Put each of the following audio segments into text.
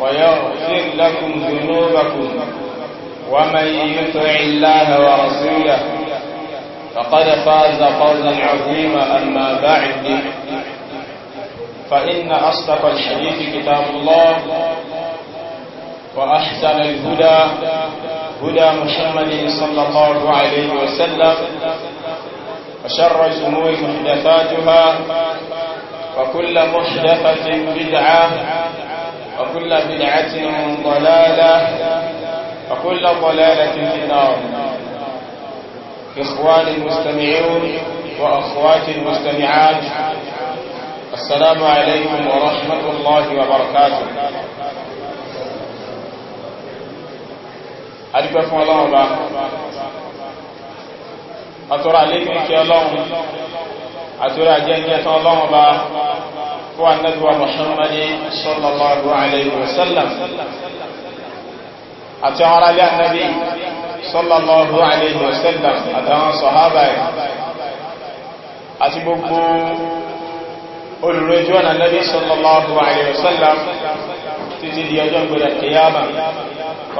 ويغفر لكم ذنوبكم ومن يطع الله ورسوله فقد فاز فوزا عظيما أما بعد فإن أصدق الحديث كتاب الله وأحسن الهدى هدى محمد صلى الله عليه وسلم وشر الأمور محدثاتها وكل محدثة بدعة وكل بدعة ضلالة وكل ضلالة في النار إخواني المستمعون وأخواتي المستمعات السلام عليكم ورحمة الله وبركاته adúpẹ́ fún ọlọ́run bá àtọ́rà lékún ìkẹ́ ọlọ́run àtọ́rà jẹ́ fún annabuwa muhammadi sallallahu alaihi wasallam àti àwọn aráalé annabi sallallahu alaihi wasallam àtàwọn sọ̀hábà ẹ̀ àti gbogbo olùrẹ́jọ́ na nabi sallallahu alaihi wasallam títí di ọjọ́ gbẹ̀rẹ̀ kìyàmà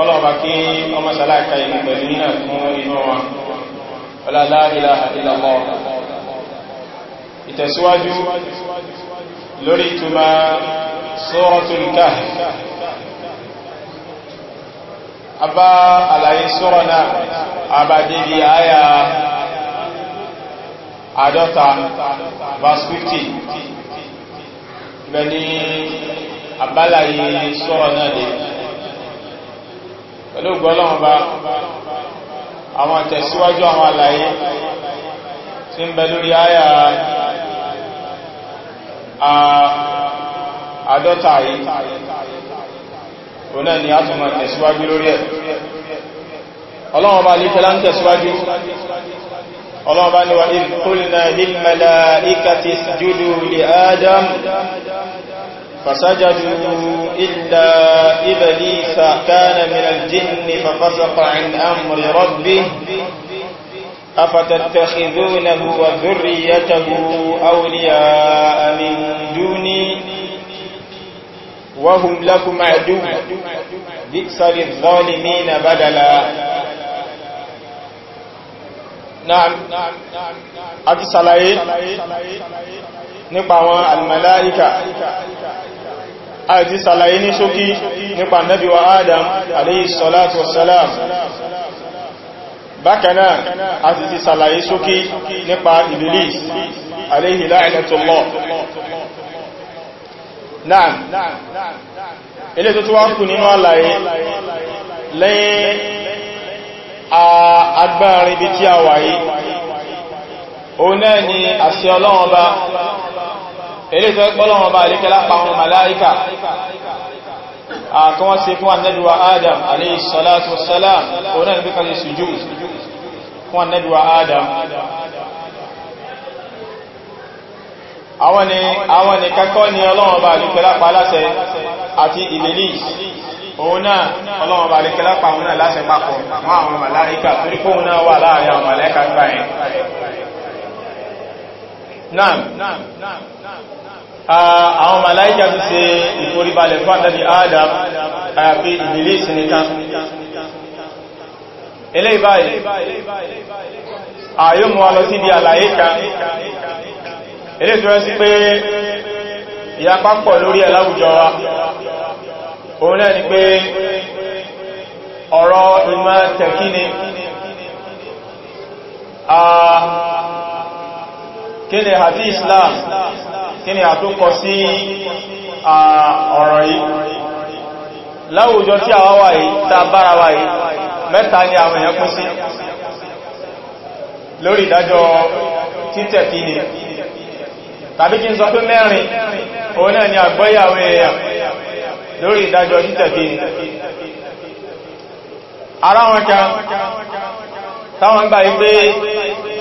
ọlọ́ọ̀bá kí ọmọ sàlákà ìlú pẹ̀lú nínà fún inú wa ọlá la ilaha illallah ìtẹ̀síwájú lórí ìtumọ̀ Suratul Kahf abá àlàyé sura náà àbádébí àyà àádọ́ta verse 50 ibẹ̀ ni àbálàyé sura náà dé pẹ̀lú gbọ́lọ́wọ́n bá àwọn tẹ̀síwájú àwọn àlàyé tí ń bẹ lórí àyà àádọ́ta yìí òun náà ni a tún máa tẹ̀síwájú lórí ẹ̀ ọlọ́wọ́ bá ní kẹlá ń tẹ̀síwájú ọlọ́wọ́ bá ní wa in qulna lil malaikati isjudu li adam فسجدوا إلا إبليس كان من أفتتخذونه وذريته أولياء من دوني وهم لكم عدو بئس للظالمين بدلا نعم àti ṣàlàyé nípa àwọn almalaika àti ṣàlàyé ní ṣókí nípa nabi wa adam alayhi salatu wassalam bákanáà a ti ti sàlàyé sókí nípa Iblis alayhi la'natullah náà ilé tó tó wá kù nínú àlàyé lẹ́yìn agbárin ibi tí a wà yìí náà ni àṣẹ Ọlọ́run ilé tó ẹgbọ́lọ́run ilé kẹlá pa àwọn kan wọ́n ṣe fún annabiwa adam alayhi salatu wassalam òun náà ní pé kan sujud fún annabiwa adam àwọn ni àwọn ni kakọ́ ni ọlọ́wọ́n bá lè kẹlá pa láṣẹ àti ìbílísì òun náà àwọn màláíkà tó ṣe ìforíbalẹ̀ fún àtàbí Adam àyàfi Ìbílísì nìkan ilé ìbáyìí àyó mú wa lọ sí di àlàyé kan ilé tó rẹ́ sí pé ìyapa pọ̀ lórí ẹ̀ láwùjọ wa òun náà ni pé ọ̀rọ̀ ìmọ̀ tẹ̀kí kí ni hadith Islam kí ni àtúnkọ sí ọ̀rọ̀ yìí láwùjọ tí àwa wà yìí tá bára wà yìí mẹ́ta ni àwọn èèyàn kún sí lórí ìdájọ́ títẹ̀ kí ni tàbí kí n sọ pé mẹ́rin òun náà ni àgbọ́yé èèyàn lórí ìdájọ́ títẹ̀ kí ni ara wọn kan táwọn gbà yí pé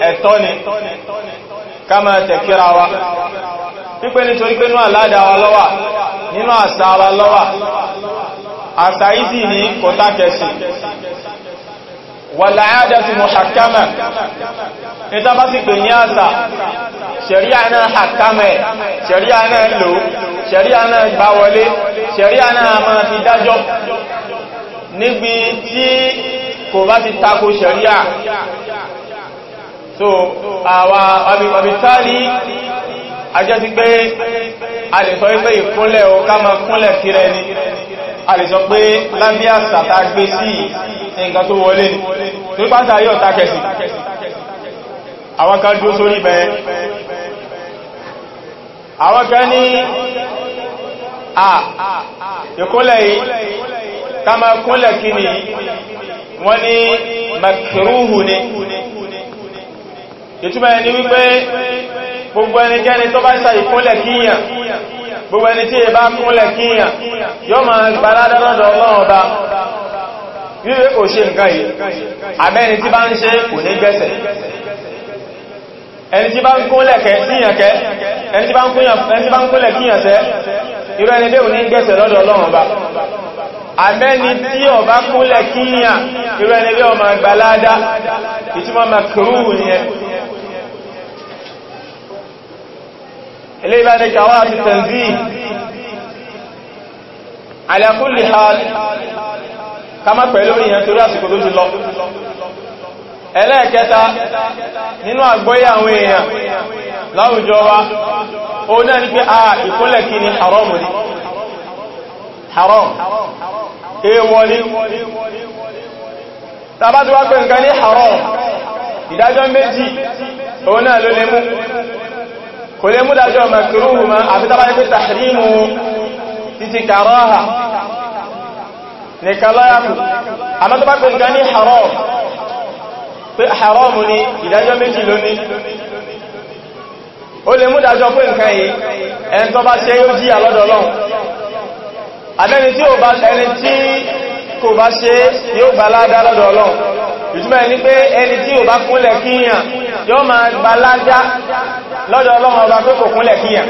ẹ̀tọ́ ni ká máa tẹ̀kíra wa wípé nítorí pé náà ládáwa lọ́wà nínú àṣà wa lọ́wà àṣà ìdí ní kòtàkẹsì wàláyádàtù mọ̀ṣàkámẹ̀ níta bá sì pè ní àṣà ṣẹ̀ríà náà àkámẹ̀ ṣẹ̀ríà náà lò ṣẹ̀ríà náà gbá wọlé ṣẹ̀ríà náà máa fi dájọ́ níbi tí kò bá ti tako ṣẹ̀ríà so àwà àbìtálì ajẹ́ ti pé a lè sọ pé ìkúnlẹ̀ o ká máa kúnlẹ̀ sí rẹ ni a lè sọ pé lábí àsàtà gbé sí nǹkan tó wọlé ni tó pàtà yóò takẹsì àwọn kan dúó sórí bẹ́ẹ̀ àwọn kan ní à ìkúnlẹ̀ yìí ká máa kúnlẹ̀ kí ni wọ́n ní makruhu ni ìtumọ̀ ẹni wípé gbogbo ẹnikẹ́ni tó bá ṣe ìkúnlẹ̀ kíyàn gbogbo ẹni tí ìbá kúnlẹ̀ kíyàn yóò máa gbaládọ́dọ̀ ọlọ́run ọba wíwé kò ṣe nǹkan yìí àbẹ́ni tí bá ń ṣe kò ní gbẹ́sẹ̀ ẹni tí bá ń kúnlẹ̀ kíyànkẹ́ ẹni tí bá ń kúnlẹ̀ kíyànṣẹ́ irú ẹni bẹ́ẹ̀ ní gbẹ́sẹ̀ lọ́dọ̀ ọlọ́run ọba àbẹ́ni tí ó bá kúnlẹ̀ kíyàn irú ẹni bẹ́ẹ̀ ó máa gbaládá ìtumọ̀ makruh nìyẹn ilé ìbá ní kàwà àti tẹ̀lbí ala kulli hal kama pẹ̀lú ìyẹn torí àsìkò tó ti lọ ẹlẹ́ẹ̀kẹta nínú àgbọ́yé àwọn èèyàn láwùjọ wa ó náà ní pé a ìkúnlẹ̀ kí ni haram ni haram èèwọ̀ ni nǹkan ní haram ìdájọ́ méjì ó náà ló lè mú kò lè mú dájọ́ makruhu ma àfi tàbá ní pé tàhrímù títí karaha nìkan lọ́yàkù àmọ́ tó bá pè nǹkan ní haram pé haram ni ìdájọ́ méjì lóní ó lè mú dájọ́ pé nǹkan yìí ẹni tó bá ṣe yóò jíyà lọ́dọ̀ Ọlọ́run àbẹ́ni tí ó bá ẹni tí kò bá ṣe yóò gba ládá lọ́dọ̀ ní pé ẹni tí ò bá kúnlẹ̀ kíyàn yóò máa gba lọ́dọ̀ ọlọ́run ọba pé kò kúnlẹ̀ kíyàn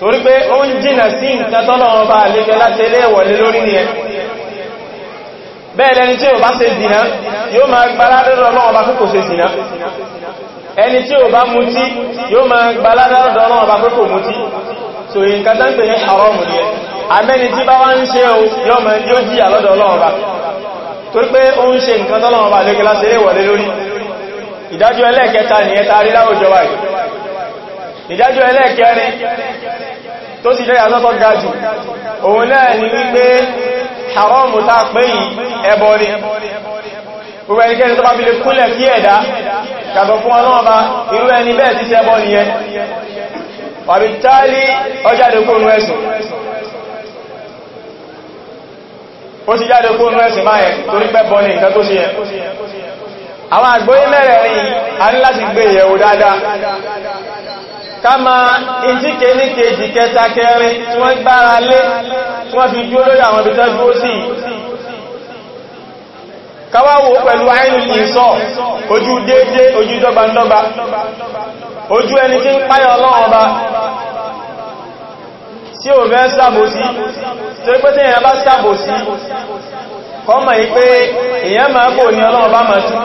torí pé ó ń jìnà sí nǹkan tọ́lọ́run ọba àlejò láti ẹlẹ́wọ̀lé lórí ni ẹ bẹ́ẹ̀ lẹni tí ò bá ṣe zìnà yóò máa gbálá lọ́dọ̀ ọlọ́run ọba pé kò ṣe zìnà ẹni tí ò bá mutí yóò máa gbálá lọ́dọ̀ ọlọ́run ọba pé kò mutí so nǹkan tán pè ní haram ni ẹ abẹ́ni tí bá wá ń ṣe o yóò jìyà lọ́dọ̀ ọlọ́run ọba torí pé ó ń ṣe nǹkan tọ́lọ́run ọba àlejò láti ẹlẹ́wọ̀lé lórí ìdájọ́ ẹlẹ́ẹ̀kẹta ni ẹta rí láwùjọ wa yìí ìdájọ́ ẹlẹ́ẹ̀kẹrin tó sì jẹ́ ìyàtọ̀ ga jù òun náà ni wípé haramu ta pé yìí ẹbọ ni gbogbo ẹnikẹ́ni tó bá fi lè kúnlẹ̀ kí ẹ̀dá kàtọ̀ fún ọlọ́ọ̀bá irú ẹni bẹ́ẹ̀ ti ṣẹbọ nìyẹn wàbí tálí ọjáde kóòrùn ẹ̀sùn ó ti jáde kóòrùn ẹ̀sùn máa ẹ̀ torí pẹ́ bọ́ ní nǹkan tó ṣe ẹ̀ àwọn àgbóyé mẹ́rẹ̀ẹ̀rin a ní láti gbé ìyẹ̀wò dáadáa ká ma ìjíkẹ ní kejì kẹta kẹrin tí wọ́n gbára lé tí wọ́n fi jú olórí àwọn ibi tẹ́ dúró sí káwàwò pẹ̀lú àìrìn ìsọ́ ojú déédé ojú dọ́gbandọ́gba ojú ẹni tí ń páyọ̀ ọlọ́run ọba tí ò fẹ́ sàbòsí tí ó pé tí èyàn bá sàbòsí kọ́mọ̀ yí pé èyàn máa kò ní ọlọ́run bá máa tún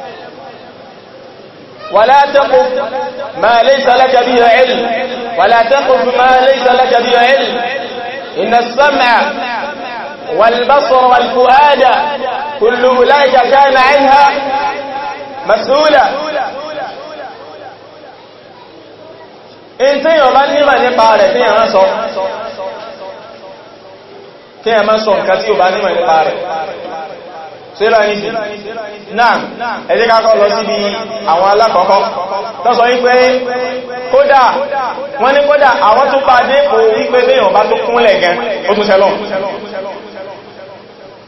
ولا تقف ما ليس لك به علم ولا تقف ما ليس لك به علم إن السمع والبصر والفؤاد كل أولئك كان عنها مسؤولا انت tí yàn bá nímà يا rẹ̀ tí yàn má kí sọ nǹkan tí bá rẹ̀ sílọ ìsì náà ẹjẹ́ kákọ́ lọ síbi àwọn alákọ̀ọ́kọ́ tó sọ wípé kódà wọ́n ní kódà àwọn tó bá dé kò wípé léyàn bá tó kúnlẹ̀ gan ó tún sẹ́lọ̀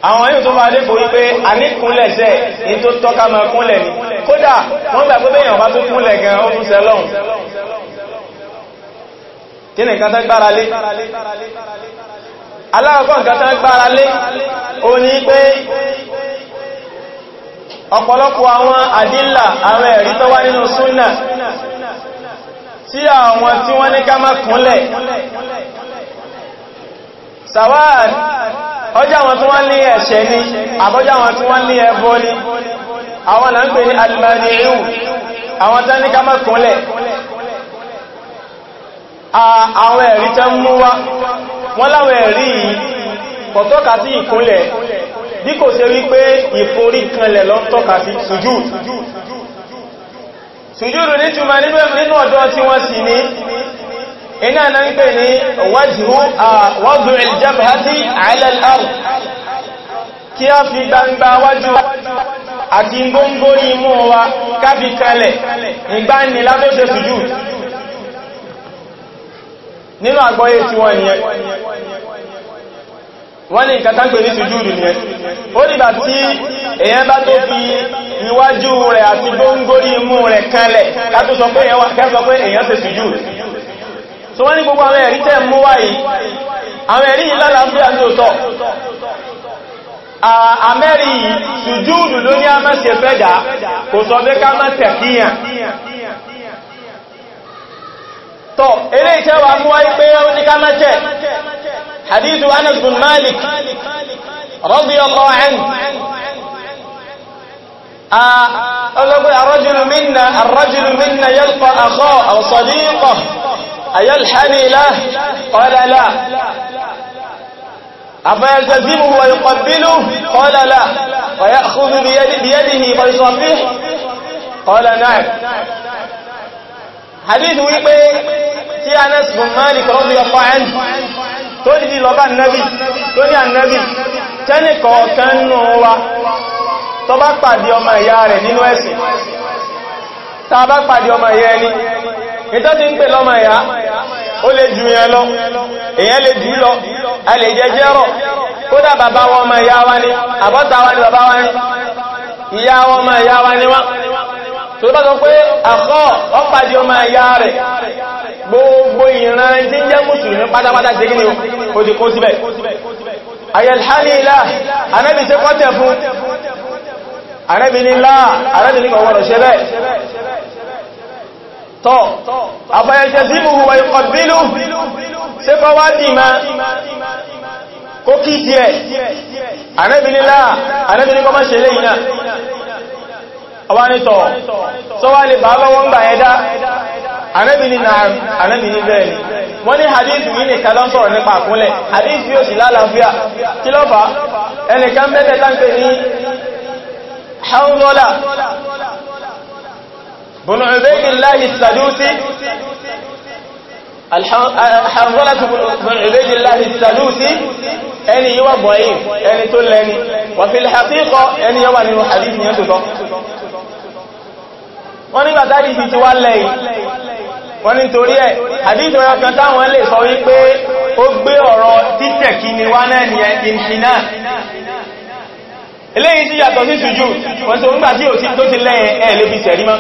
àwọn yóò tó bá dé kò wípé a ní kúnlẹ̀ sẹ́ ní tó tọ́ka máa kúnlẹ̀ ní kódà wọ́n gbà pé léyàn bá tó kúnlẹ̀ gan ó tún sẹ́lọ̀ kí ni kátá gbára lé alákọ̀ọ́kọ́ nǹkan gbára lé ó ní pé ọ̀pọ̀lọpọ̀ àwọn àdílà àwọn ẹ̀rí tó wá nínú súnnà tí àwọn tí wọ́n ní ká má kúnlẹ̀ sàwáàd ọjọ́ àwọn tí wọ́n ní ẹ̀ṣẹ̀ ni àbọ́jọ́ àwọn tí wọ́n ní ẹbọ ni àwọn là ń pè ní alìmọ̀nìyàn àwọn tán ní ká má kúnlẹ̀ àwọn ẹ̀rí tán mú wá wọ́n láwọn ẹ̀rí yìí bí kò ṣe wípé ìforí kanlẹ̀ ló ń tọ́ka sí sujúd sujúd ní túnmà nínú ọ̀dọ́ tí wọ́n sì ní iná na ń pè ní wọ́dù ìjẹ́bẹ̀ẹ́sí àìlẹ́lẹ́rù kí a fi gbangba wájú àti gbóngbó imú wa káfi kalẹ̀ nínú àgbọ́yé tí wọ́n ni wọ́n ní nǹkan tánkò ní sùjúdù ní ẹ ó dìgbà tí èyàn bá tó fi níwájú rẹ̀ àti góngórí imú rẹ̀ kanlẹ̀ kátó sọ pé èyàn wà kẹ́sọ pé èyàn ṣe sùjúdù so wọ́n ní gbogbo àwọn ẹ̀rí tẹ́ mú wáyé àwọn ẹ̀rí yìí lálàáfíà ní òtọ́ àmẹ́rí sùjúdù ló ní àmẹ́sẹ̀ fẹ́dà kò sọ pé ká má tẹ̀kíyàn tọ́ eré ìṣẹ́wàá mú wáyé pé ó ní ká má tẹ̀ حديث أنس بن مالك رضي الله عنه آه، الرجل منا الرجل منا يلقى أخاه أو صديقه أيلحني له قال لا أفيلتزمه ويقبله قال لا ويأخذ بيده فيصفيه قال نعم hadith wípé tí Anas bin Malik radiyallahu anhu tó dìdí lọ́bá annabi tó ní annabi tẹ́nì kọ̀ọ̀kan nù wa tó bá pàdé ọmọ ìyá rẹ̀ nínú ẹ̀sìn tá bá pàdé ọmọ ìyá ẹni ìtọ́ ti ń pè lọ́mọ ìyá ó lè jù yẹn lọ èyàn lè jù lọ a lè jẹ jẹ́rọ kódà bàbá wọn ọmọ ìyá wa ni àbọ́ta wa ni bàbá wa ni ìyá wọn ọmọ ìyá wa ni wọ́n tó bá sọ pé àkọ́ ọpàdé ọmọ ẹ̀yà rẹ̀ gbogbo ìran tí ń jẹ́ mùsùlùmí pátápátá ṣe gíní ó ti kó síbẹ̀ ayẹ̀lhálìlá anábi ṣe kọ́tẹ̀ fún anábi nílá anábi ní ọwọ́rọ̀ ṣe bẹ́ tọ́ àfẹ́yẹ̀ṣẹ́ sí ìbùhù wà ìkọ̀bílù kó kí díẹ̀ anábi nílá anábi ní kọ́ máa ṣe náà ọwá ní sọ sọ́wá lè bá lọ́wọ́ ń gbà ẹ̀dá anábìnrin náà anábìnrin bẹ́ẹ̀ ni wọ́n ní hadith yìí ní kalan sọ̀rọ̀ nípa àkúnlẹ̀ hadith yóò sì lálàáfíà kí ló fà ẹnìkan bẹ́ẹ̀ tánkẹ̀ ní hanzola alhàrùwọ́látù ìbẹ́jìláhì sàlúsí ẹni yíwà bọ̀yí ẹni tó lẹ́ni wà fi l'àkíkọ́ ẹni yẹwà nínú hadith yẹn tó tọ́ wọ́n nígbà tàbí ti ti wá lẹ́yìn wọ́n ní torí ẹ̀ hadith wọn kan táwọn lè sọ wípé ó gbé ọ̀rọ̀ títẹ̀ kí sí yàtọ̀ sí sùjú wọ́n tó ń gbà tí ò ti lẹ́yìn ẹ̀ lè fi sẹ̀rí mọ́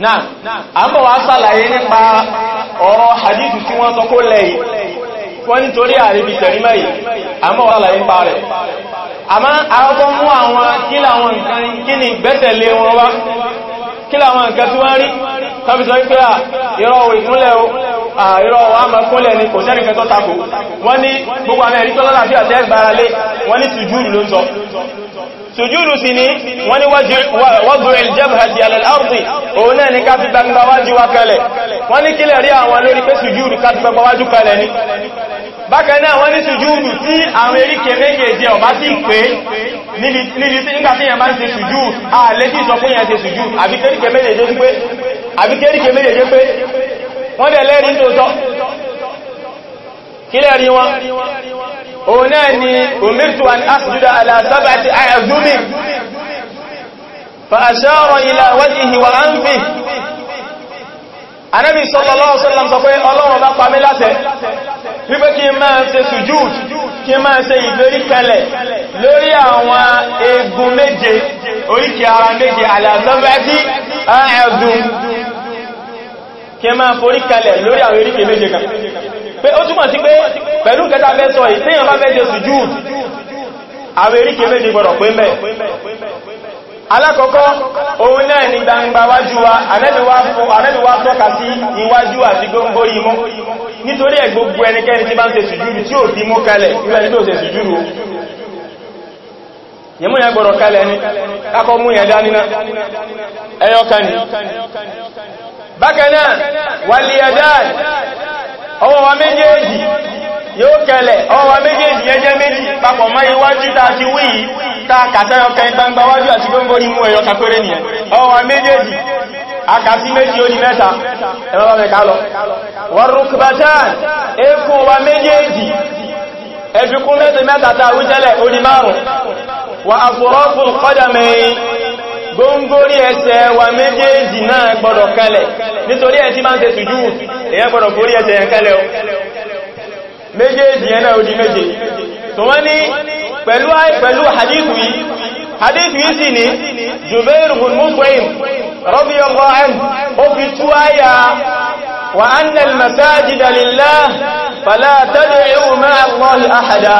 náà a wá sàlàyé nípa ọ̀rọ̀ hadithu tí wọ́n sọ kó lẹ́yìn wọ́n nítorí àríbi tẹ̀rímẹ̀ yìí a wá sàlàyé nípa rẹ̀ àmọ́ àwọ́kọ́ mú àwọn kila kí ni gbẹ́tẹ̀lé wọn wá kílàwọn nǹkan tí wọ́n rí tọ́bí sọ pé ìrọ̀ sùjúdù sí ní wọ́n ni wọ́dùn ìjẹ́bàtì alẹ́lárùsì òun náà ni ká fi gbangbawájú wá kalẹ̀ wọ́n ní kílẹ̀ rí àwọn lórí pé sùjúdù ká fi gbangbawájú kalẹ̀ ní bákan náà wọ́n ní sùjúdù tí àwọn eríkẹ méjèèjì ọ̀bá sí pé níbi tí nígbà tí yẹn bá ń ṣe sùjú ààlé tí sọ òun náà ni umirtu an asjuda ala sab'ati a'zumi fa ashara ila wajhihi wa anfihi Ànábì sallallahu alaihi wasallam sọ pé Ọlọ́run bá pa mí láṣẹ wípé kí máa ṣe sujúd kí máa ṣe ìgbérí kalẹ̀ lórí àwọn egun méje oríkì ara méje ala sab'ati a'zum kí máa forí kalẹ̀ lórí àwọn oríkì méje kan pé ó túnmọ̀ sí pé pẹ̀lú kẹta fẹ́ ìtẹ́yàn bá fẹ́ jẹ esi àwọn eríkẹ méjì gbọ́dọ̀ pé mẹ́ alákọ̀ọ́kọ́ òun náà ni gbangba wájú wa anẹ́bí tọ́ka sí iwájú àti gbogbo imú nítorí ẹ̀ gbogbo ẹnikẹ́ni tí bá ń ṣe sùjúrù tí ò fi mú kalẹ̀ irú ọwọ́ wa méjèèjì yóò kẹlẹ̀ ọwọ́ wa méjèèjì yẹn jẹ́ méjì papọ̀ mọ́ iwájú ta ti wí yìí ta kàtẹ́yọ kẹ gbangba wájú àti gbogbo imú ẹ̀yọ kàpéré nìyẹn ọwọ́ wa méjèèjì akàtí méjì ó di mẹ́ta ẹ̀rọ rẹ̀ kálọ warukbatan eékún wa méjèèjì ẹ̀fikún mẹ́ta mẹ́ta ta wí tẹ́lẹ̀ ó di márùn-ún wa àfòrọ́fún kọ́dàmẹ́yìn góngórí ẹsẹ̀ wa méjèèjì náà gbọ́dọ̀ kalẹ̀ nítorí ẹ̀ máa ń ṣe ẹsẹ̀ yẹn kalẹ̀ o méjèèjì yẹn náà di wọ́n pẹ̀lú hadith yìí sì ní Jubair bin Mut'im radiyallahu anhu ó fi tú àyà wa anna al-masajida lillah fala tad'u ma'a Allahi ahada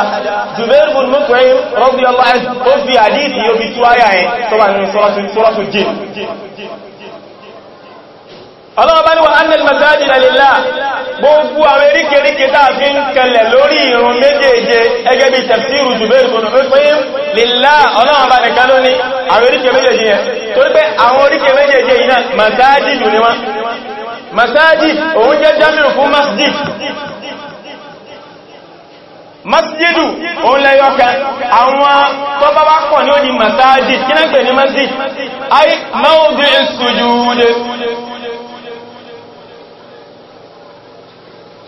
Jubair bin Mut'im radiyallahu anhu ó fi hadith yìí ó fi tú àyà yẹn tó wà nínú suratul ọlọ́wọ́ bá ní wà annal masajida lillah gbogbo àwọn eríkèríkè tàà fi ń kẹlẹ̀ lórí ìrùn méjèèje ẹgẹ́ bí tafsiru Jubair ibn Mut'im lillah ọlọ́wọ́ bá nìkan ló ní àwọn eríkè méjèèje yẹn torí pé àwọn eríkè méjèèje yìí náà masajidu ni wọ́n masajid òun jẹ́ jamiu fún masjidu òun lẹ́yọ́ kan àwọn tó pọ̀ ní ó di masajid kí náà pè ní masjid ay mawdi'us sujud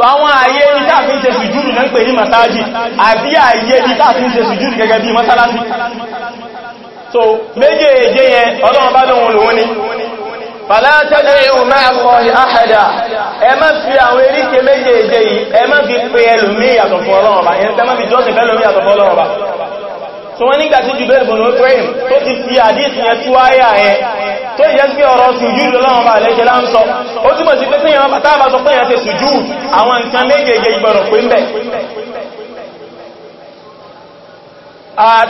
so awon aye ibi tá fi ń ṣe sùjúdù náà ń pè ní masájì àbí ààyè fi ń ṣe sùjúdù gẹ́gẹ́ bí mọ́sálásí so méjèèjì yẹn ọlọ́run bá lóhun ni fala tad'u ma'a Allahi ahada ẹ má fi àwọn eríkẹ méjèèjì yìí ẹ fi pe ọba so wọ́n nígbà tí Jubair bin Mut'im tó ti fi hadith yẹn tú ayà ẹ tó ìyẹ́ sí ọ̀rọ̀ sùjúdù lọ́wọ́n bá lẹ́ṣẹ́ láńsọ ó túnmọ̀ sí pé tí yẹn bàtà bá sọ pé yẹn ti sùjúdù àwọn nǹkan méjèèjì ìgbọ̀rọ̀ pé ń bẹ̀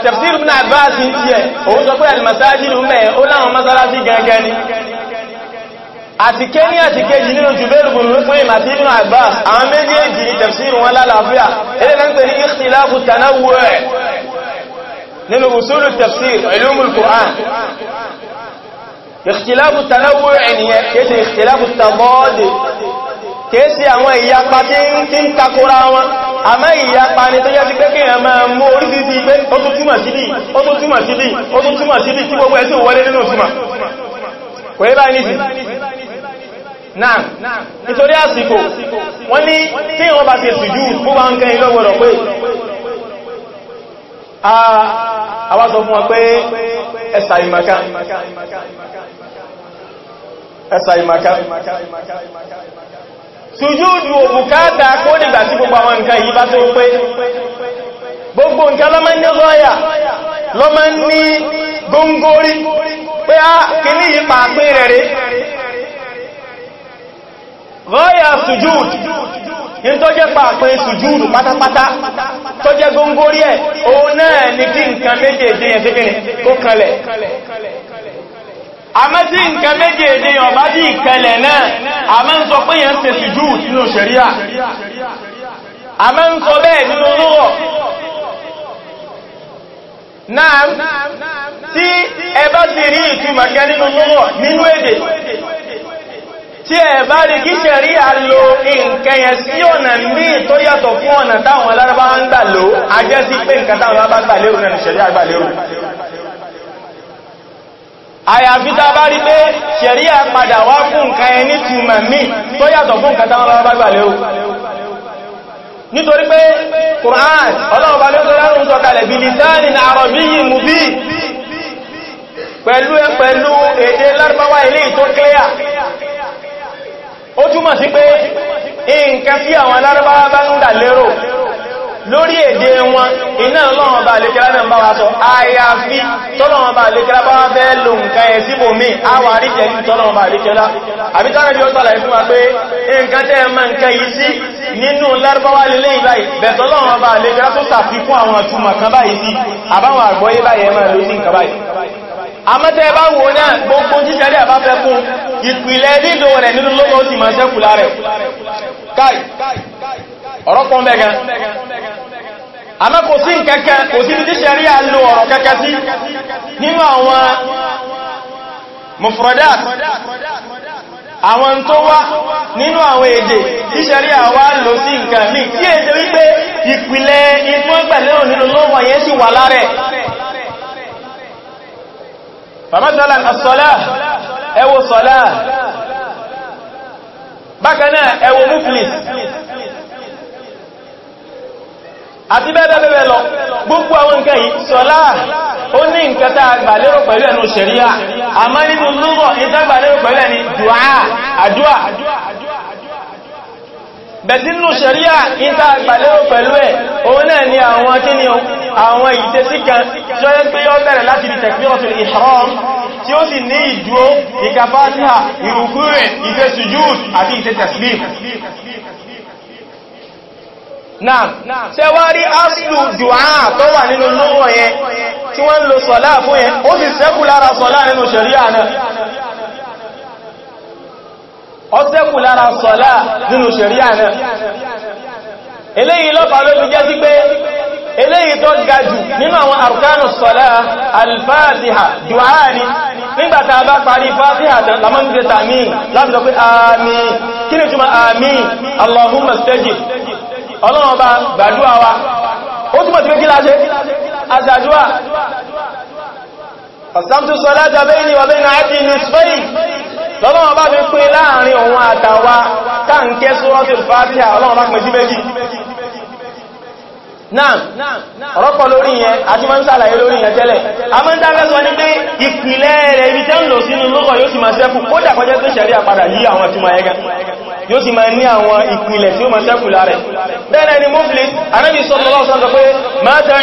tafsir ibn abbas ní tí ẹ̀ òun sọ pé alìmọ̀sájìlú náà ń pè nínú usulu tafsir ulumul Qur'an ìkìtìláàbù tànáwó ènìyàn kéèsì ìkìtìláàbù tàbọ́ọ̀dì kéèsì àwọn ìyapa tí ń takora wọn àmá ìyapa ni tó yẹ́ sí pé kí èèyàn máa mú orísìsí pé ó tún túmọ̀ síbí ó tún túmọ̀ síbí ó tún túmọ̀ síbí tí gbogbo ẹ̀sùn wọlé nínú túmọ̀ kò yẹ́ báyìí nìsí náà nítorí àsìkò wọ́n ní tí wọ́n bá ṣe sùjú gbogbo àwọn kẹrin lọ́wọ́rọ̀ pé àwa sọ fún wa pé ẹsà ìmàká ẹsà ìmàká sùjúdù òbùkátà kó dìgbà tí gbogbo àwọn nǹkan yìí bá tó pé gbogbo nǹkan lọ ní lọ́yà lọ ní góngórí pé á kìí yìí pàápín rẹ̀ rí rọ́yà sùjúd ní tó jẹ́ pàápín sùjúdù pátápátá tó jẹ́ góngórí ẹ̀ o náà ní kí nǹkan méjèèjì yẹn síkìrì kó kanlẹ̀ a mẹ́ nǹkan méjèèjì yẹn bá dí ìkanlẹ̀ náà a mẹ́ ń sọ pé yẹn ṣe sùjúd nínú ṣẹ̀ríà tí ẹ bá rí kí ṣẹ̀rí àlò ìǹkẹyẹ sí ọ̀nà ní tó yàtọ̀ fún ọ̀nà táwọn alárabá ń gbà ló ajẹ́ sí pé nǹkan táwọn alárabá gbà lérò náà ṣẹ̀rí àgbà lérò àyàfi tá bá rí pé ṣẹ̀rí àpadà wá fún nǹkan ẹni túnmọ̀ mí tó yàtọ̀ fún nǹkan táwọn alárabá gbà lérò nítorí pé Qur'an ọlọ́ọ̀bá ló pẹ̀lú ẹ èdè lárúbáwá ilé ìtó clear ó túmọ̀ sí pé nǹkan tí àwọn alárúbáwá bá ń dà lérò lórí èdè wọn iná lọ́wọ́n bá lèkẹ́lá náà bá wá sọ àyàfi tọ́lọ́wọ́n bá lèkẹ́lá bá wá fẹ́ lò nǹkan ẹ̀ síbò mí àwà rí jẹ́ tọ́lọ́wọ́n bá lèkẹ́lá àbítánà bí ó sọ́lá ìfún wa pé nǹkan tẹ́ mọ́ nǹkan yìí sí nínú àmọ́tẹ́ bá wò náà gbogbo jíṣẹ́ rẹ̀ bá fẹ́ kún ìpìlẹ̀ lílò rẹ̀ nínú lọ́wọ́ ti máa sẹ́kùlá rẹ̀ káì ọ̀rọ̀ kan bẹ́ gan kò sí nkẹ́kẹ́ kò sí jíṣẹ́ rí àlò ọ̀rọ̀ kẹ́kẹ́ sí nínú àwọn mufrodat àwọn tó wá nínú àwọn èdè rí sí nǹkan ní kí èdè wípé ìpìlẹ̀ فمثلا الصلاة ẹwọ صلاة، bákanáà ẹwọ muflis àti bẹ́ẹ̀bẹ́ẹ̀bẹ́ lọ gbogbo àwọn nǹkan yìí sọ́lá ó ní nǹkan tá àgbàlérò pẹ̀lú ẹnu ṣẹ̀ríà àmọ́ nínú lúgọ̀ ìtàgbàlérò pẹ̀lú ẹni dùá àdúà bẹ̀tí nínú ṣẹ̀ríà ìta àgbàlẹ́wò pẹ̀lú ẹ̀ òun náà ni àwọn kíni àwọn ìtẹ́sí kan tí ó yẹ́ pé yọ́ bẹ̀rẹ̀ láti di takbiratul ihram tí ó sì ní ìdúó ìkàfátíhà ìrùkúrẹ̀ ìfẹ́ sujúd àti ìtẹ́ taslim náà ṣe wá rí ọ́sẹ́kù lára sọ̀lá nínú ṣẹ̀ríà náà eléyìí lọ́pàá ló fi jẹ́ sí pé eléyìí tó ga jù nínú àwọn arkanu sọ̀lá alfáàtíhà dùhání nígbàtà bá parí fáàtíhà lamọ́nìyàn tàmí láti sọ pé àmín kí ni túnmọ̀ àmín allahumma stajib ọlọ́wọ́ bá gbàdúwà lọ́lọ́wọ́ bá fi pín láàrin òun àtàwà káàkẹ́ suratul Fatiha ọlọ́run bá pín sí méjì náà ọ̀rọ̀pọ̀ lórí yẹn àti máa ń sàlàyé lórí yẹn tẹ́lẹ̀ a máa ń dákẹ́ sọ ní pé ìpìlẹ̀ rẹ̀ ibi tẹ́ ń lò sínú lókọ̀ yóò sì máa sẹ́kù ó dàkọjẹ́ tó ṣẹ̀rí àpadà yí àwọn tí máa ẹgẹ́ yóò sì máa ní àwọn ìpìlẹ̀ tí ó máa sẹ́kù láàrẹ̀ bẹ́ẹ̀ ni muflis anábi sallallahu alaihi wasallam pé máa ta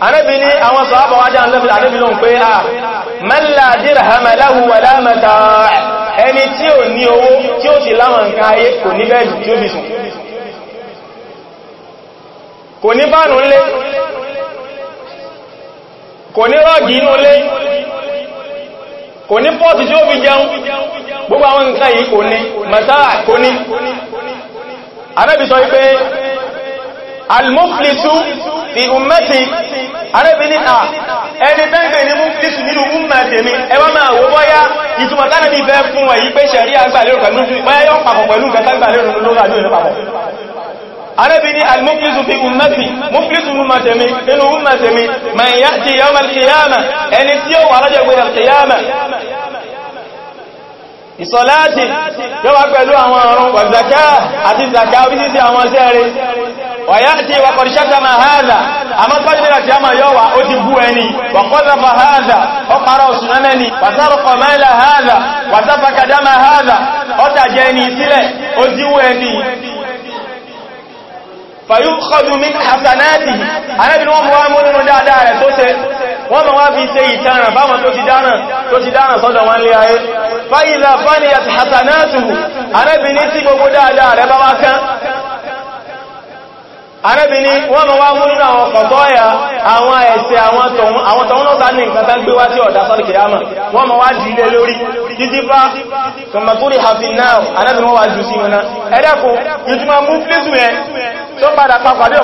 Ànábì ní àwọn sọ́ábọ̀ wájá Ànábì lóhun pé ah, a mẹ́lá dirhama lahu wala mata' ẹni tí ò ní owó tí ó sì láwọn nǹkan ayé kò ní bẹ́ẹ̀dì tí ó fi sùn kò ní bánú lé kò ní rọ́gì inú lé kò ní pọ́tù tí ó fi jẹun gbogbo àwọn nǹkan yìí kò ní mata' kò ní Ànábì sọ wípé al-muflisu fi ummati arẹ́bìnrin à ah, ẹni tẹ́gbẹ̀ ní muflisu nínú ummati mi ẹwà máa wó bọ́yá ìtumọ̀ tánàbí fẹ́ fún wà yí pé ṣẹ̀rí agbàlérò pẹ̀lú arẹ́bí ní almuflisu fi ummati muflisu ummatemi inú ummatemi man ya'ti yawm al-qiyama ẹni tí ó wà lọ́jọ́ gbé al-qiyama ìsọ̀láàtì yóò wá pẹ̀lú àwọn ọ̀run wà zaka àti zaka orísìí àwọn iṣẹ́ rẹ̀ ويأتي وقد شتم هذا أما قدر كما يوى أتبواني وقذف هذا أقرأ سنمني وسرق مال هذا وسفك دم هذا أتجاني سلة أتبواني fàyúkọ̀dù min hasanati anábìn wọn wá mú nínú dáadáa rẹ̀ tó ṣe wọ́n ma wá fi ṣe ìtànà báwọn tó ti dáná tó ti dáná sọ́dọ̀ wọn lè ayé fàyíza fániyàtì hasanatu anábìn ní tí gbogbo dáadáa rẹ̀ bá wá kán arábìnrin wọ́n ma wá mú nínú àwọn ọ̀tọ́ ẹ̀yà àwọn ẹ̀sẹ̀ àwọn tọ̀hún lọ́ta ní nǹkan tán gbé wá sí ọ̀dá sọ́lì kìyàmà wọ́n ma wá jù ilé lórí títí bá tọ̀mọ̀túrì hafin náà arábìnrin wọ́n wá jù sí wọn ẹ̀dẹ́kùn ìtumọ̀ mú plẹ́sù ẹ̀ tó padà papọ̀ ni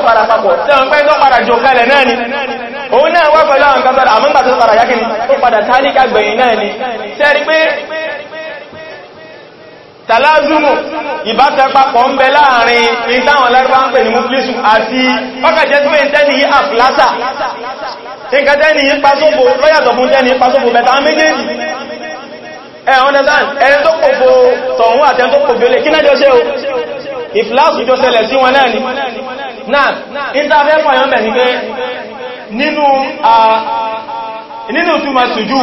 òun náà wá pẹ̀lú àwọn kan tọ́ra tàlázùmù ìbátẹ́papọ̀ ń bẹ láàrin ìtàwọn lẹ́rọ ń pè ní múflísù àti pọ́kàjẹ́ tó ń tẹ́ni yí àfìlátà nǹkan tẹ́ni yí pásóbò lọ́yàtọ̀ fún tẹ́ni pásóbò bẹ̀ta méjèèjì ẹ̀họ́n dẹ́sán ẹni tó pòfò tọ̀hún àti ẹni tó pòfò lè kí náà jọ ṣe o ìfìlásù jọ ṣẹlẹ̀ sí wọn náà ni náà ìtàfẹ́ fọ̀yán bẹ̀ ní pé nínú ìtúmọ̀ sùjúù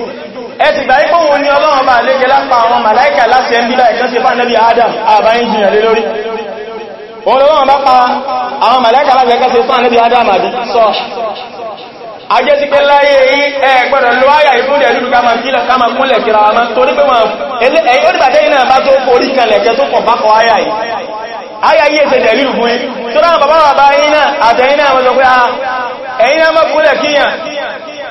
ẹ̀sì gbà ipò wọn ni ọlọ́run bá léke lápá àwọn màláìkà láti ẹ̀mí bá ẹ̀kan sí fà nẹ́bí adam àbáyín jìyàn lé lórí wọn bá pa àwọn màláìkà láti ẹ̀kan sí fà nẹ́bí adam àbí sọ ajẹ́ láyé yí ẹ gbọ́dọ̀ ló áyà ìfúnlẹ̀ ìlú kama kama kúnlẹ̀ kìrà àmá torí pé wọn iná bá tó kan lẹ̀kẹ́ tó áyà yìí áyà yí fún yí tó bàbá bàbá náà sọ pé ah,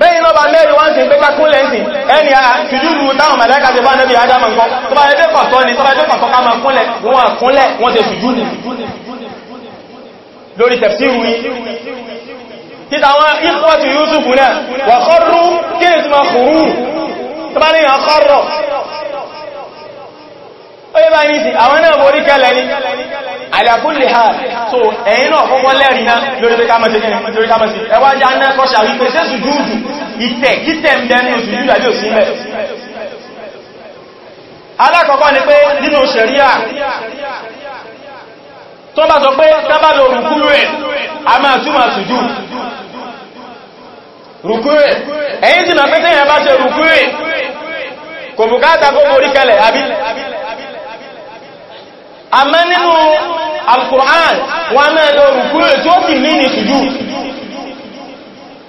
bẹ́yìn lọ́ba mẹ́rin wọ́n sì pé kákún lẹ́sìn ẹni a ṣùjúrù táwọn mẹ́lẹ́ka ti bá nẹ́bí adámọ̀ nǹkan tó bá ẹgbẹ́ kọ̀tọ́ ni tó bá ẹgbẹ́ kọ̀tọ́ ká máa kúnlẹ̀ wọ́n kúnlẹ̀ wọ́n ti ṣùjúrù lórí tẹ̀síwì títà wọn ìpọ́tù Yusuf náà wà kọ́rú kí oye bá ní sí àwọn náà borí kẹlẹ̀ ní àdàkúnlè ha so ẹ̀yìn náà fọ́kọ́ lẹ́rìn náà lórí kámọ́sí ẹwà já náà kọ́ṣà wípé sẹ́ sùjúùdù ìtẹ̀ kítẹ̀ ń bẹ́ nínú sùjúùdù àbí òsì mẹ́ alákọ̀ọ́kọ́ ni pé nínú ṣẹ̀ríà tó bá sọ pé tábàlò rùkúrú ẹ̀ a máa túmọ̀ sùjú rùkúrú ẹ̀ ẹ̀yìn sì máa pẹ́ tẹ́yìn bá ṣe rùkúrú ẹ̀ kò bùkátà kó borí kẹlẹ̀ àbí àmá nínú alkùrán wọn náà lọ rùkúrò tí ó sì mí ní sùjú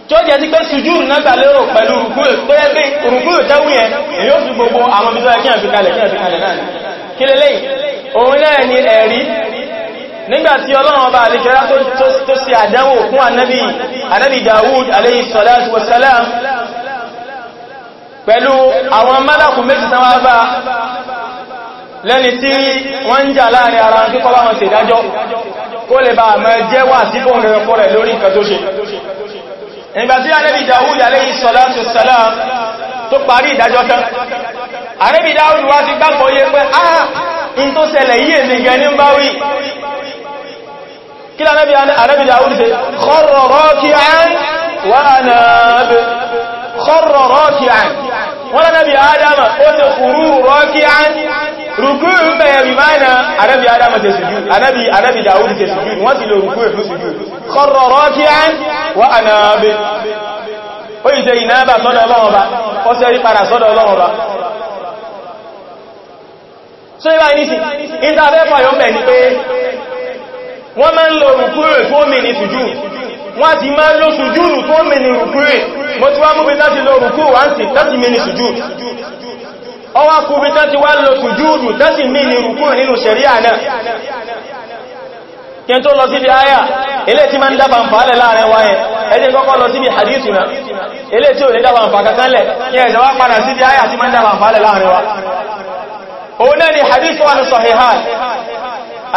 tí ó jẹ́ sí pé sùjú náà lérò pẹ̀lú rùkúrò tó yẹ pé rùkúrò tẹ́wù yẹn èyí ó fi gbogbo àwọn ibi tó yẹ kí àfi kalẹ̀ kí àfi kalẹ̀ náà kí lélẹ́yìn òun náà ni ẹ̀rí nígbàtí ọlọ́run ọba àríkẹ́rá tó sí àdánwò fún ànábì ànábì Dawud alayhi salatu wassalam pẹ̀lú àwọn málàkù méjì tánwà bá lẹ́ni tí wọ́n ń jà láàrin ara ń kíkọ́ láwọn ṣèdájọ́ kó lè bá àmọ́ jẹ́ wà sí fún rẹ̀kọ́ rẹ̀ lórí nǹkan tó ṣe ìgbàtí Ànábì Dáúdù alayhi salatu wassalam tó parí ìdájọ́ tán Ànábì Dáúdù wá ti gbàgbọ́ yé pé ah in tó ṣẹlẹ̀ yí èmì gan ní bá wí kí lánàbí Ànábì Dáúdù ṣe kharra raki'an wa anab kharra raki'an wọ́n lánàbí Ádámà ó ti kúrú raki'an rùkú mẹ́ rìmáìnà anábi adama tẹ sùjú anábi anábi dáwùdí tẹ sùjú wọ́n sì lè rùkú ẹ̀fún sùjú kọrọ̀ rọ́kíán wà anábi ó ìṣe ìnáàbà sọ́dọ̀ ọlọ́run so ibá ní sí ìtàfẹ́fà yóò mẹ́ ní pé wọ́n máa lo rùkú rẹ̀ fún omi ní sùjú wọ́n ti máa ló sùjú rù fún omi ní rùkú rẹ̀ mo ọwá kúbi tán ti wá lọ sùjúdù tán sì ní ní rùkú nínú ṣẹ̀ríà náà kí n tó lọ sí di ayá ilé tí ma ń dábà ń fàálẹ̀ láàrin wáyé ẹjẹ́ kọ́kọ́ lọ sí di hadithu náà ilé tí ò lè dábà ń fà kankanlẹ̀ kí ẹ̀sẹ̀ wá padà sí di ayá tí ma ń dábà ń fàálẹ̀ láàrin wá òun náà ni hadithu wa ní sahihan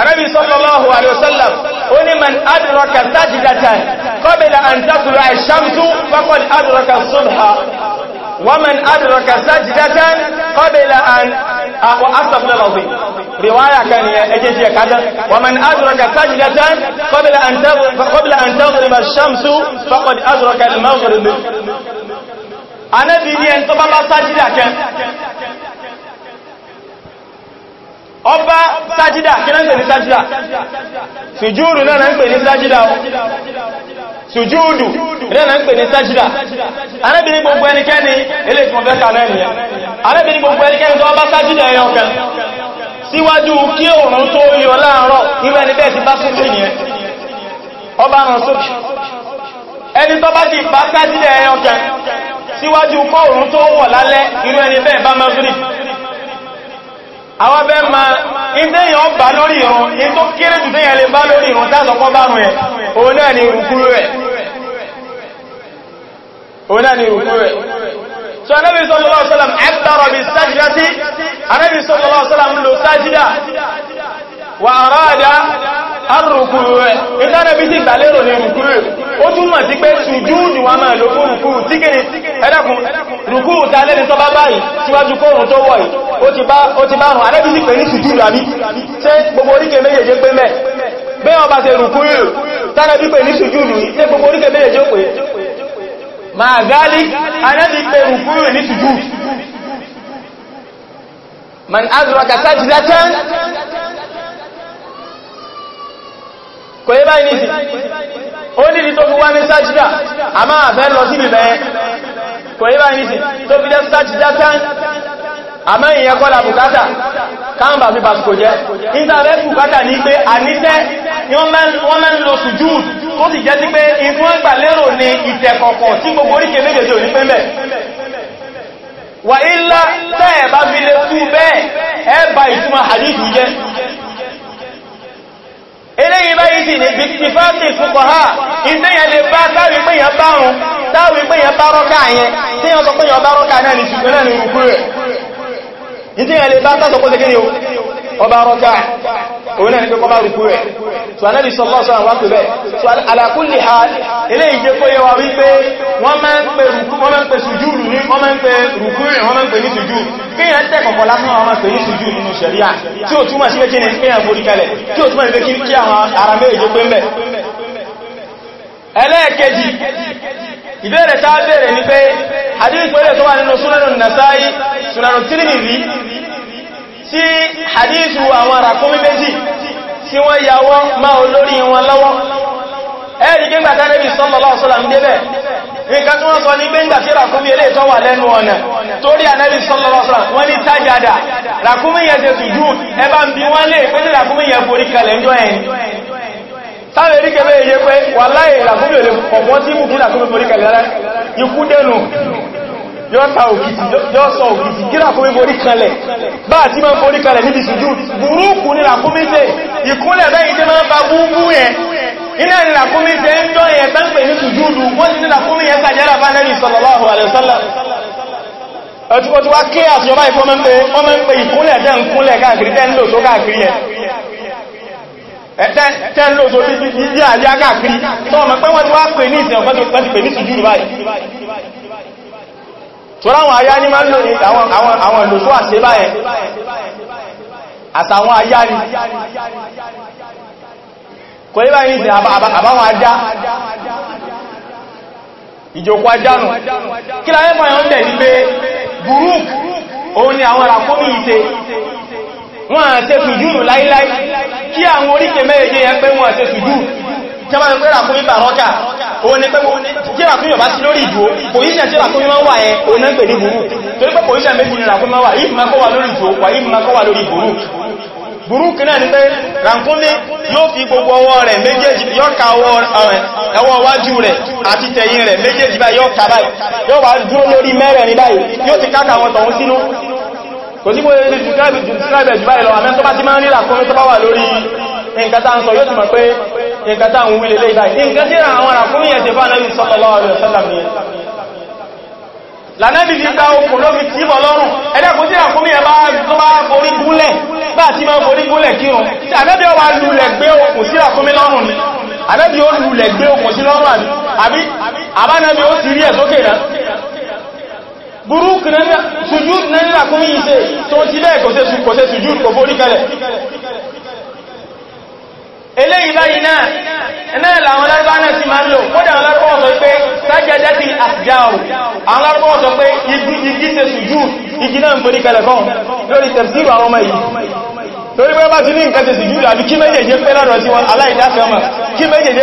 النبي صلى الله عليه وسلم ومن أدرك سجدة قبل أن تطلع الشمس فقد أدرك الصبح ومن أدرك سجدة قبل أن أستغفر العظيم رواية كان يجي كذا ومن أدرك سجدة قبل أن قبل أن تغرب الشمس فقد أدرك المغرب أنا بدي أن تبقى سجدة كان ọba sájídà kí náà ń pè ní sájídà sùjúùdù náà ń pè arábìnrin gbogbo ẹnikẹ́ni ilé tí mo fẹ́ kàrẹ́ ni arábìnrin gbogbo ẹnikẹ́ni tó bá sájúdẹ̀ ẹyọ kan síwájú kí òòrùn tó yọ láàárọ̀ irú ẹni bẹ́ẹ̀ ti bá sókè nìyẹn ọba ràn sókè ẹni tó bá ti bá sájúdẹ̀ ẹyọ kan síwájú kọ́ òòrùn tó wọ̀ lálẹ́ irú ẹni bẹ́ẹ̀ bá mẹ́fúrì àwọn bẹ́ẹ̀ ma ìdẹ́yàn bá lórí ìrùn ìtó kéré jù tẹ́yàn lè bá lórí ìrùn tásọpọ̀ bá rùn ẹ̀ òun náà ni ìrùkúrú rẹ̀ ọ̀nà ni so anábi sallallahu alaihi wasallam ẹ̀tọ́rọ̀ bí sájídá tí anábi sallallahu alaihi wasallam lò sájídá wà ráàdá arùkú rẹ̀ ìtànàbí sí ìgbàlérò ní rùkú rẹ̀ ó túnmọ̀ sí pé sùjúùdù wa máa lò fún rùkú tí kìí ẹ̀dàkùn rùkú tàlẹ́ni tó bá báyìí síwájú kóòrùn tó wọ̀ yìí ó ti bá rùn anábi sí pé ní sùjúùdù àbí ṣe gbogbo oríkèé méjèèjì pé mẹ́ bẹ́ẹ̀ ọba ṣe rùkú rẹ̀ tàlẹ́bí pé ní sùjúùdù ní ṣe gbogbo oríkèé méjèèjì ó pé Ma zalik anábi pé rùkúrù ní sùjú man azraka sajdatan kò yẹ báyìí nìsí ó nìdí tó fi wá ní sájídà a máa fẹ́ lọ sí ìbẹ̀ kò yẹ báyìí nìsí tó fi jẹ́ sajdatan a máa ìyẹn kọ́lá bùkátà káàmbà fi bàtùkò jẹ́ ìtàfẹ́ bùkátà ní pé àníṣẹ́ wọ́n mẹ́ lọ sùjúùdù tó sì jẹ́ sí pé ìfúnwẹ́gbà lérò ní ìtẹ̀kọ̀kọ̀ tí gbogbo oríkèé méjèèjì ò ní pẹ́ mẹ́ wà ilá tẹ́ẹ̀ bá fi lè tú bẹ́ẹ̀ ẹ bá ìtumọ̀ hadithu jẹ́ eléyìn báyìí sì ní bíkífáàkì ìfúkọ̀há ìdẹ́yàn lè bá táwí péyàn bárùn táwí péyàn bá rọ́kà yẹn tí wọ́n sọ péyàn bá rọ́kà náà ní ṣùgbọ́n náà ní ìrùkú rẹ̀ ìdẹ́yàn lè bá tásọ̀kọ́ ọba rọ́kà òun náà ní pé kọ́ bá rùkú rẹ̀ tó anẹ́bí sọ lọ́sọ àwọn pè bẹ́ẹ̀ tó alákùnlé ha ilé ìjẹ́ kó yẹ wa wípé wọ́n máa ń pè rùkú wọ́n máa ń pè sùjúrù ní wọ́n máa ń pè rùkú rẹ̀ wọ́n máa ń pè ní sùjúrù kí yẹn tẹ́ kọ̀kọ́ lásán àwọn pè ní sùjúrù nínú ṣẹ̀ríà tí ó túmọ̀ sí pé kí ni kí yẹn sí hadithu àwọn àràkúnmí méjì tí wọ́n yàwọ́ máa olórí wọn lọ́wọ́ ẹ̀rì gẹ́gbà tánẹ́bì sallallahu alaihi wasallam débẹ̀ nǹkan tí wọ́n sọ ní gbẹ́ngbà tí ràkúnmí eré tó wà lẹ́nu ọ̀nà torí ànẹ́bì sallallahu alaihi wasallam wọ́n ní tájádà ràkúnmí yẹn ṣe sùjú ẹbá ń bí wọ́n lè pẹ́ tí ràkúnmí yẹn borí kalẹ̀ ń jọ ẹ̀yìn yọ́ ta òkìtì yọ́ sọ òkìtì kí ràkúnmí borí kanlẹ̀ bá àti máa borí kanlẹ̀ níbi sùjú burúkú ní ràkúnmí jẹ́ ìkúnlẹ̀ bẹ́yìn tí máa ń ba wúwú yẹn iná ni ràkúnmí jẹ́ ń dọ́ yẹn tán pè ní sùjú dù wọ́n ti ní ràkúnmí yẹn sàjẹ́rà bá nẹ́bí sallallahu alaihi wasallam ọtí wá kí àtìyọba ìfọ́mọ́ ń pe ọmọ ń pe ìkúnlẹ̀ jẹ́ ń kúnlẹ̀ káàkiri tẹ́ ń lò tó káàkiri ẹ̀ tẹ́ ń lò tó bí i àyá káàkiri tọ́ ọmọ pẹ́ wọ́n ti wá pè ní ìsìn ọ̀pẹ́ ti pè ní sùjú dù báyìí tọ́láwọn ayá ní máa ń lò ní àwọn ìlòsó àṣẹ́bá ẹ̀ àtàwọn ayá ni kò ní báyìí ìsìn àbáwọn ajá ìjòkó ajá nù kí láyé fọ́ ní pé burúk òun ni àwọn ràkómi ìte wọ́n àṣẹ́ sùjúrù láíláí kí àwọn oríkẹ mẹ́rẹ̀ jẹba ń pẹ́ra fún ibà rọ́kà òun ni pé jíra fún yọ̀bá sí lórí ìdúó pòyíṣẹ́ jíra fún yọ́n wà ẹ òun náà pè ní burú torí pé pòyíṣẹ́ méjì nìra fún máa wà yìí máa kọ́wà lórí ìdúó wà yìí máa kọ́wà lórí burú burú kìnnà ní pé ràǹkúnmí yóò fi gbogbo ọwọ́ rẹ̀ méjèèjì yọ́ka ọwọ́ wájú rẹ̀ àti tẹ̀yìn rẹ̀ méjèèjì báyìí yọ́ka báyìí yóò wá dúró lórí mẹ́rẹ̀ẹ̀rin báyìí yóò ti káka àwọn tọ̀hún sínú kò sí mo lè describe jù báyìí lọ àmẹ́ tó bá ti máa ń rí ràǹkúnmí nǹkan tá ń sọ yóò túnmọ̀ pé nǹkan tá ń wílé lè báyìí nǹkan tí ra àwọn àkúrú yẹn ti bá náà sallallahu alaihi wasallam yẹn lànàbì fi gba okùn ló fi tìbọ̀ lọ́rùn ẹ̀dẹ́kùn tí àkúrú yẹn bá tó bá forí gúnlẹ̀ bá ti máa forí gúnlẹ̀ kírun tí ànábì ọwà lulẹ̀ gbé okùn sí àkúrú lọ́rùn ni ànábì ó lulẹ̀ gbé okùn sí lọ́rùn àbí àbánábì ó ti rí ẹ̀ sókè náà burúkú náà sujúd náà nílà kún yìí ṣe tó ti bẹ́ẹ̀ kò ṣe sujúd kò forí kalẹ̀ eléyìí báyìí náà náà làwọn lárúbá náà sí máa ń lò kódà àwọn lárúbá sọ pé sájẹ́jẹ́ ti àjáò àwọn lárúbá sọ pé igi ṣe sùjú igi náà ń borí kẹlẹ̀kọ́n lórí tẹ̀síwà àwọn ọmọ yìí torí pé bá ti ní nǹkan ṣe sùjú àbí kí méjèèjé pé lọ́dọ̀ sí wọn aláìdáfẹ́mà kí méjèèjé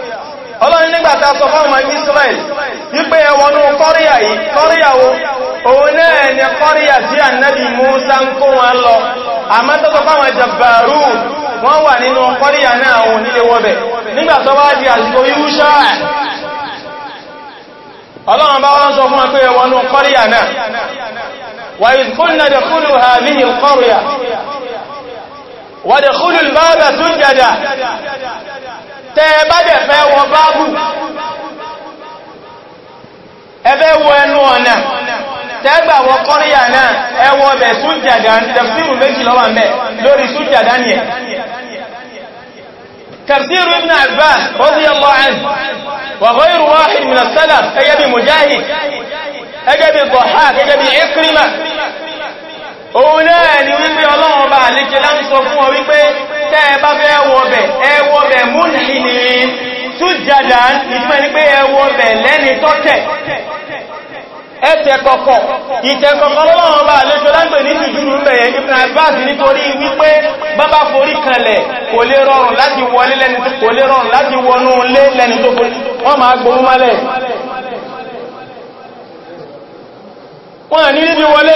ọlọ́run nígbàtà sọ fáwọn ọmọ Israel wípé ẹwọnú kọ́ríà yìí kọ́ríàwó òun náà ni kọ́ríà tí ànábì Musa ń kó wọn lọ àmọ́ tó sọ fáwọn jàbàrú wọ́n wà nínú kọ́ríà náà òun nílé wọ́bẹ̀ nígbàtọ́ wá di àsìkò Yúṣà ọlọ́run tẹ́ bá dẹ̀ fẹ́ wọ báàbù ẹfẹ́ wọ ẹnu ọ̀nà tẹ́gbà wọ kọ́ríyà náà ẹwọ ọbẹ̀ súnjàdán tafsirù méjì lọ́wà mẹ́ lórí súnjàdán yẹ tafsirù ibn abbas radiyallahu anhu wa ghayru wahid min as-salaf ẹgẹ́ bí mujahid ẹgẹ́ òun ni wípé ọlọ́run bá àlékẹ́ láti sọ fún ọ wípé tẹ́ẹ̀ bá fẹ́ ẹwọ́bẹ̀ ẹwọ́bẹ̀ múlì ní tújàdà ìtumẹ̀ ní pé ẹwọ́bẹ̀ lẹ́ni tọ́tẹ̀ ẹ̀tẹ̀ kọ̀kọ̀ ìtẹ̀kọ̀kọ̀ lọ́wọ́n bá àlejò lágbẹ̀ ní ìjúrù bẹ̀yẹ̀ ìpínlẹ̀ advance nítorí wípé bábá forí kanlẹ̀ kò lè rọrùn láti wọlé lẹ́ni tó kò lè rọrùn láti wọnú lé lẹ́ni tó kò wọ́n máa wọ́n ní níbi wọlé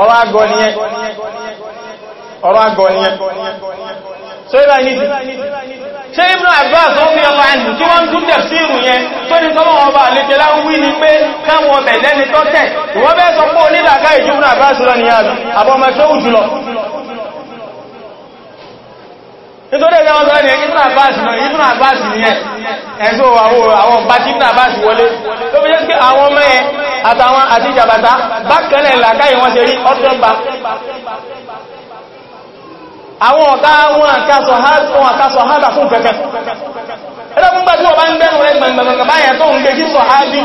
ọ̀rọ̀ àgọ́ nìyẹn ọ̀rọ̀ àgọ́ nìyẹn so ibà ní ṣe ibùn àgbà tó fi ọmọ àìsù tí wọ́n ń tún tẹ̀ sí ìrù yẹn tó ní tọ́lọ̀ ọba àlejẹ́ láwọn wí ní pé káwọn ọbẹ̀ lẹ́ni tọ́tẹ̀ ìwọ́n bẹ́ẹ̀ sọ pé onílàgá ìjúbùn àgbà sí lọ ní àbọ̀mọ̀ tó jùlọ nítorí ẹgbẹ́ ọ̀sán ni ìbùn àbáàsì náà ìbùn àbáàsì ni ẹ̀ ẹ̀sùn àwọn bá tí ìbùn àbáàsì wọlé tó bí jẹ́ sí àwọn àtàwọn àti ìjàbàtà bákanlẹ̀ làkáyì wọ́n ṣe rí ọdọ́gba àwọn ọ̀tá wọn àkásọ̀ hábà fún kẹ́kẹ́ ẹlọ́gbùn gbà tí wọ́n bá ń bẹ̀rù rẹ̀ gbàngbàngbà báyẹ̀ tó ń gẹ̀ẹ́gí sọ hábí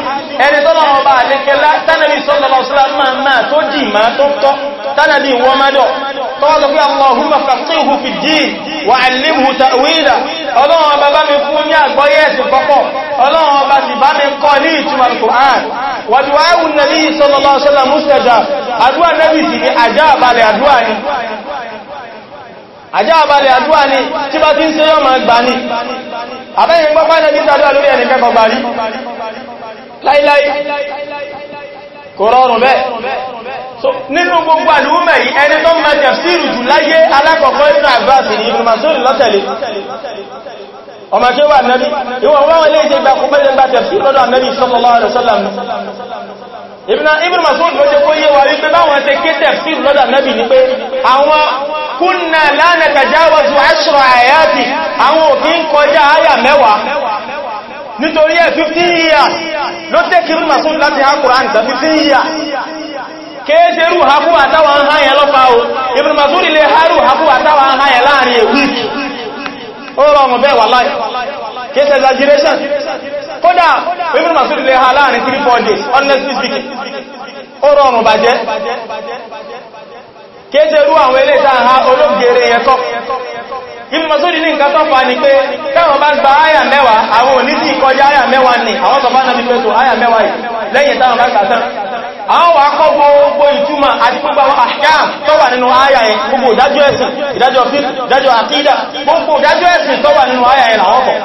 ẹni tọ́lọ ọba àdékẹ́lá tánàbí sọ́lọ́lọ́sọ́lá máa máa tó dì tọ́wọ́sọ pé Allahumma faqqihhu fi ddin wa 'allimhu ta'wila ọlọ́run ọba bá mi fún ní àgbọ́yé ẹ̀sìn pọ́pọ̀ ọlọ́run ọba sì bá mi kọ́ ní ìtumọ̀ Al-Qur'an wa du'a'u an-nabi sallallahu alaihi wasallam mustajab àdúwà nẹ́bì sì ni àjá àbálẹ̀ àdúwà ni àjá àbálẹ̀ àdúwà ni tí bá ti ń ṣe yọ́ ma gbà ní àbẹ́yìn gbọ́pá nẹ́bì sàdúwà lórí ẹnìkẹ́kọ̀ọ́ gbà rí láíláí kò rọrùn bẹ́ẹ̀ nínú gbogbo àlúmẹ̀ yìí ẹni tó máa tẹ̀síìrù jù láyé alákọ̀ọ́kọ́ ìrìn àgbàtì ní ìgbìmọ̀ sórí lọ́tẹ̀lẹ̀ ọmọ tí ó wà nẹ́bí ìwọ̀n wọ́n ilé ìṣẹ́ ìgbà kúgbẹ́ ìgbà tẹ̀síìrù lọ́dọ̀ nẹ́bí sallallahu alaihi wasallam Ibn Mas'ud ló jẹ́ kó yé wa wípé báwọn ṣe ké tẹ̀fsìr lọ́dà náàbì ní pé àwọn kunna la nítorí ẹ̀ 15 years ló tẹ́kì rú màsún láti ha Kùránì tán 15 years kéèṣe rú ha fún àtàwà ń hàn yẹn lọ́fà o Ibn Mas'ud ilé ha rú ha fún àtàwà ń hàn yẹn láàrin a week ó rọrùn bẹ́ẹ̀ wallahi kéèṣe exaggeration kódà Ibn Mas'ud ilé ha láàrin 3-4 days honestly speaking ó rọrùn bàjẹ́ kéèṣe rú àwọn ilé ìtàhà olóògèrè yẹn kọ́ ibi masódi ní nǹkan tọ́fà ni pé káwọn bá gba àyà mẹ́wàá àwọn ni àwọn bàbá náà bí pẹ́tò àyà mẹ́wàá lẹ́yìn táwọn bá kàtán àwọn wà kọ́ gbogbo ìtumọ̀ àti gbogbo àwọn ahkam tó wà nínú àyà yẹn gbogbo ìdájọ́ ẹ̀sìn ìdájọ́ ìdájọ́ gbogbo ìdájọ́ ẹ̀sìn tó wà nínú àyà làwọn kọ̀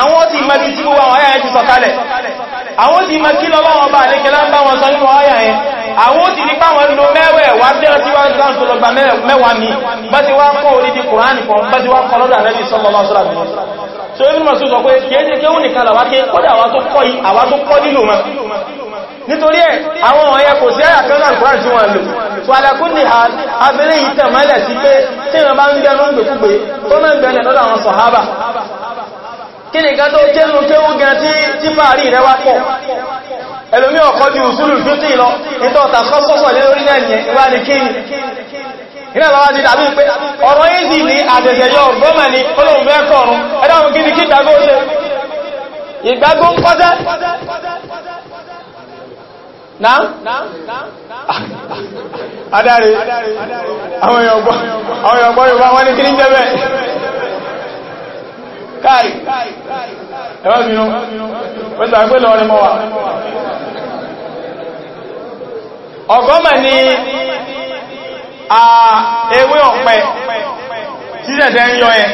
àwọn ti tí gbogbo àwọn àyà ti sọ̀kalẹ̀ àwọn ó sì ní pàwọn lo mẹ́wẹ̀ wá tẹ́rẹ tí wọ́n láti lọ gba mẹ́wàá mi bá ti wá kọ́ orí di kùránì kan bá ti wá kọ́ lọ́dọ̀ àrẹ́bì sọ́lọ́lọ́ sọ́lọ́ so ibi mọ̀ sí sọ pé kéèkéé kéhùn nìkan làwá ké kọ́dà àwá tó kọ́ yìí àwá tó kọ́ nílò mọ́ nítorí ẹ̀ àwọn ọ̀yẹ kò sí àyà kan náà kùránì tí wọ́n lò tó alákún ní abẹ́rẹ́ yìí tàn mọ́lẹ̀ sí pé tí wọ́n bá ń gbẹ́nu ń gbẹ̀kúgbẹ̀ tó náà gbẹ̀lẹ̀ lọ́dọ̀ àwọn sọ̀hábà kí nìkan tó kéhùn kéhùn gan tí fàárí rẹ̀ wá pọ̀ ẹlòmí ọ̀kọ́ ju ìṣúlù tó tí lọ nítọ́ ọ̀tà kọ́sọ́sọ̀ lé lórí náà yẹn wá ní kíni iná lọ́wọ́ ti tàbí pé ọ̀rọ̀ ìzì ní àtẹ̀sẹ̀yọ gọ́mà ní olóhùn fẹ́ kọrùn ẹ̀dọ́rùn kí ni kí ìgbàgbó ṣe ìgbàgbó ń kọ́jẹ́ ọgọ́mà ni a ewé ọ̀pẹ títẹ̀tẹ̀ ń yọ ẹ̀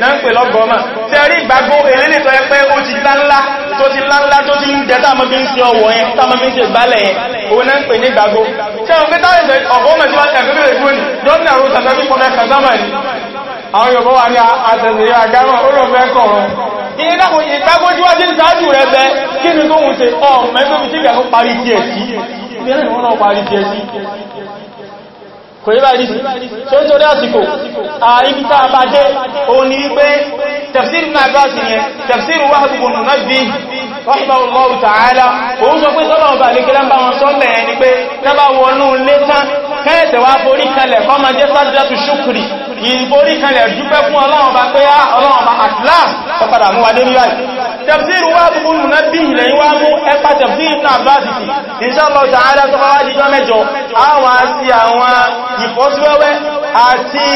na ń pè lọ́gọ́mà tí a rí ìgbàgbó eléle tó ẹ pé ó ti láńlá tó ti láńlá tó ti ń jẹ táàmọ́ fi ń ṣe ọwọ́ ẹ táàmọ́ fi ń ṣe ìgbálẹ̀ ẹ òun na ń pè ní ìgbàgbó tí àwọn pẹ́tà ọgọ́mà tí wọ́n tẹ̀fẹ́ bẹ̀rẹ̀ fún ni dókítà rò tàbí pọ̀nà kàzámà ni àwọn Yorùbá wà ní àtẹ̀sẹ̀yà agámà ó lọ fẹ́ kọ̀ọ̀rọ̀ ìgbàgbójúwájú ń sáájú rẹ̀ bẹ́ kí ni tó ń ṣe ọmọ ẹgbẹ́ bí tí ìgbàgbó parí tí ẹ̀ sí ìbẹ̀rẹ̀ wọn náà parí jẹ sí kò yíba ìdí tó ń torí àsìkò àìbítà bá jẹ́ òun ni wípé tafsir náà bá sí yẹn tafsir wà gbogbo náà bí rahimahullahu ta'ala òun sọ pé sọ́lọ̀ ọba àlékẹ́lá bá wọn sọ́lẹ̀ ẹni pé lábá wọnú létán kẹ́ẹ̀sẹ̀ wá forí kalẹ̀ kọ́mọ jẹ́ sájúdátù ṣúkùrì ìforí kalẹ̀ dúpẹ́ fún ọlọ́run bá pé ah, ọlọ́run bá àtìláà tọ́padà mú wa dérí báyìí tafsir wa bu mu na bi le wa mu e pa tafsir na abbasi inshallah ta'ala to wa di jo mẹ́jọ àwọn si àwọn ifosiwewe àti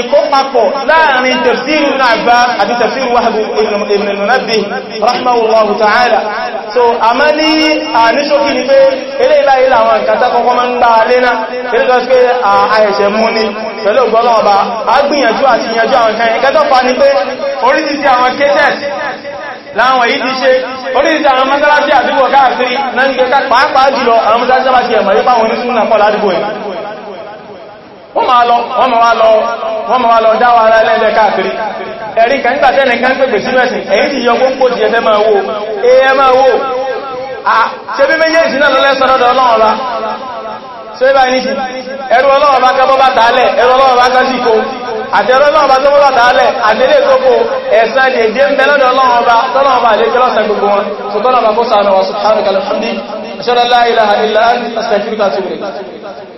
ìkópapọ̀ láàrin tafsiru nàbá àti tafsiru wahbu ibn al-munabbih rahimahullahu ta'ala so a mẹ́ ní àníṣókí ni pé ilé ìlàílà àwọn ìkàtà kọ́kọ́ mọ́ ń gbá alẹ́nà ilé tó ṣe àẹ̀ṣẹ̀ mú ní pẹ̀lú ọgbọ́lọ́ọ̀bá láwọn èyí ti ṣe oríṣìí àwọn mọ́sálásí àdúgbò káàkiri náà ń gẹ́ká pàápàá jùlọ àwọn mọ́sálásí ẹ̀mọ̀ wọn ní súnà kọ́ ládùgbò ẹ̀ wọ́n máa lọ wọ́n máa lọ wọ́n máa lọ dáwà ara ẹlẹ́ẹ̀lẹ́ káàkiri ẹ̀rí kan nígbà tẹ́lẹ̀ kan pèpè sí mẹ́sìn ẹ̀yìn ti yọ gbogbo ti ẹfẹ́ máa wò ẹ máa wò ṣe bí méjèèjì náà lọ lẹ́sàn lọ́dọ̀ ọlọ́run ra ṣe bá ní sí ẹrù ọlọ́run bá kẹ́bọ́ bá tààlẹ̀ ẹrù ọlọ́run bá kẹ́ sí kó àti ẹrù ọlọ́run bá kẹ́bọ́ bá tààlẹ̀